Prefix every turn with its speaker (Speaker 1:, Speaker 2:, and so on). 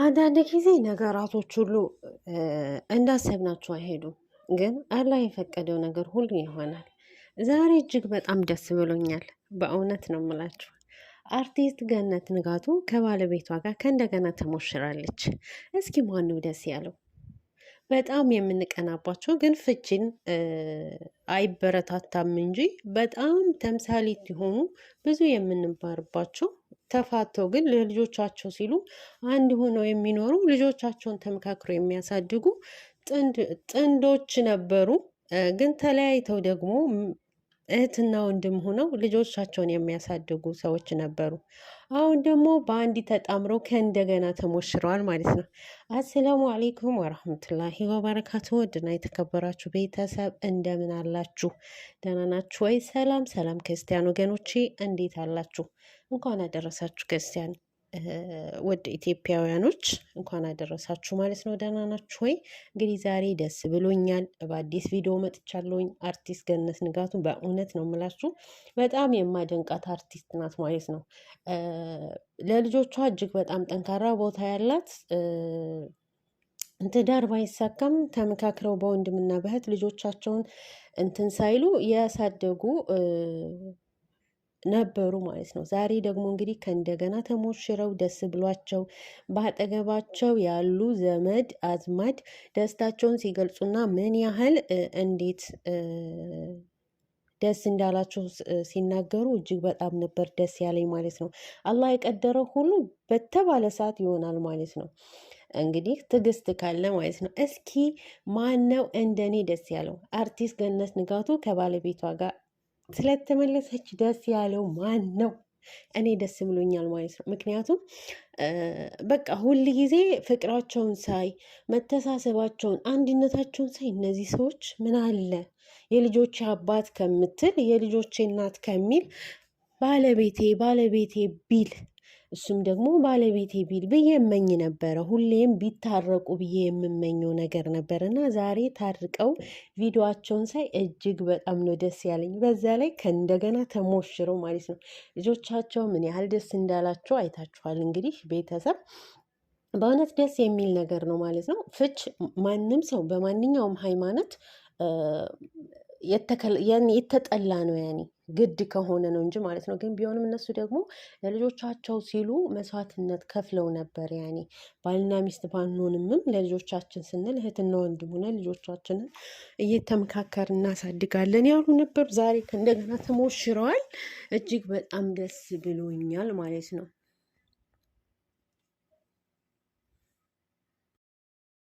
Speaker 1: አንዳንድ ጊዜ ነገራቶች ሁሉ እንዳሰብናቸው አይሄዱም፣ ግን አላህ የፈቀደው ነገር ሁሉ ይሆናል። ዛሬ እጅግ በጣም ደስ ብሎኛል። በእውነት ነው የምላችሁ። አርቲስት ገነት ንጋቱ ከባለቤቷ ጋር ከእንደገና ተሞሽራለች። እስኪ ማነው ደስ ያለው? በጣም የምንቀናባቸው ግን ፍቺን አይበረታታም እንጂ በጣም ተምሳሌት የሆኑ ብዙ የምንባርባቸው ተፋተው ግን ለልጆቻቸው ሲሉ አንድ ሆነው የሚኖሩ ልጆቻቸውን ተመካክሮ የሚያሳድጉ ጥንዶች ነበሩ። ግን ተለያይተው ደግሞ እህትና ወንድም ሆነው ልጆቻቸውን የሚያሳድጉ ሰዎች ነበሩ። አሁን ደግሞ በአንድ ተጣምረው ከእንደገና ተሞሽረዋል ማለት ነው። አሰላሙ አሌይኩም ወራህመቱላሂ ወበረካቱ። ወድና የተከበራችሁ ቤተሰብ እንደምን አላችሁ? ደህና ናችሁ ወይ? ሰላም ሰላም ክርስቲያን ወገኖቼ እንዴት አላችሁ? እንኳን አደረሳችሁ ክርስቲያን ውድ ኢትዮጵያውያኖች እንኳን አደረሳችሁ ማለት ነው። ደህና ናችሁ ወይ? እንግዲህ ዛሬ ደስ ብሎኛል በአዲስ ቪዲዮ መጥቻለሁኝ። አርቲስት ገነት ንጋቱ በእውነት ነው የምላችሁ በጣም የማደንቃት አርቲስት ናት ማለት ነው። ለልጆቿ እጅግ በጣም ጠንካራ ቦታ ያላት ትዳር ባይሳካም ተመካክረው በወንድምና በእህት ልጆቻቸውን እንትን ሳይሉ ያሳደጉ ነበሩ ማለት ነው። ዛሬ ደግሞ እንግዲህ ከእንደገና ተሞሽረው ደስ ብሏቸው በአጠገባቸው ያሉ ዘመድ አዝማድ ደስታቸውን ሲገልጹና ምን ያህል እንዴት ደስ እንዳላቸው ሲናገሩ እጅግ በጣም ነበር ደስ ያለኝ ማለት ነው። አላህ የቀደረው ሁሉ በተባለ ሰዓት ይሆናል ማለት ነው። እንግዲህ ትዕግስት ካለ ማለት ነው። እስኪ ማን ነው እንደኔ ደስ ያለው? አርቲስት ገነት ንጋቱ ከባለቤቷ ጋር ስለተመለሰች ደስ ያለው ማን ነው? እኔ ደስ ብሎኛል ማለት ነው። ምክንያቱም በቃ ሁል ጊዜ ፍቅራቸውን ሳይ፣ መተሳሰባቸውን፣ አንድነታቸውን ሳይ እነዚህ ሰዎች ምን አለ የልጆች አባት ከምትል የልጆቼ እናት ከሚል ባለቤቴ ባለቤቴ ቢል እሱም ደግሞ ባለቤቴ ቢል ብዬ የመኝ ነበረ። ሁሌም ቢታረቁ ብዬ የምመኘው ነገር ነበር እና ዛሬ ታርቀው ቪዲዮቸውን ሳይ እጅግ በጣም ነው ደስ ያለኝ። በዛ ላይ ከእንደገና ተሞሽረው ማለት ነው ልጆቻቸው ምን ያህል ደስ እንዳላቸው አይታችኋል። እንግዲህ ቤተሰብ በእውነት ደስ የሚል ነገር ነው ማለት ነው። ፍች ማንም ሰው በማንኛውም ሃይማኖት የተጠላ ነው ያኔ ግድ ከሆነ ነው እንጂ ማለት ነው። ግን ቢሆንም እነሱ ደግሞ ለልጆቻቸው ሲሉ መስዋዕትነት ከፍለው ነበር። ያኔ ባልና ሚስት ባንሆንምም ለልጆቻችን ስንል እህትና ወንድም ሆነን ልጆቻችንን እየተመካከር እናሳድጋለን ያሉ ነበር። ዛሬ እንደገና ተሞሽረዋል። እጅግ በጣም ደስ ብሎኛል ማለት ነው።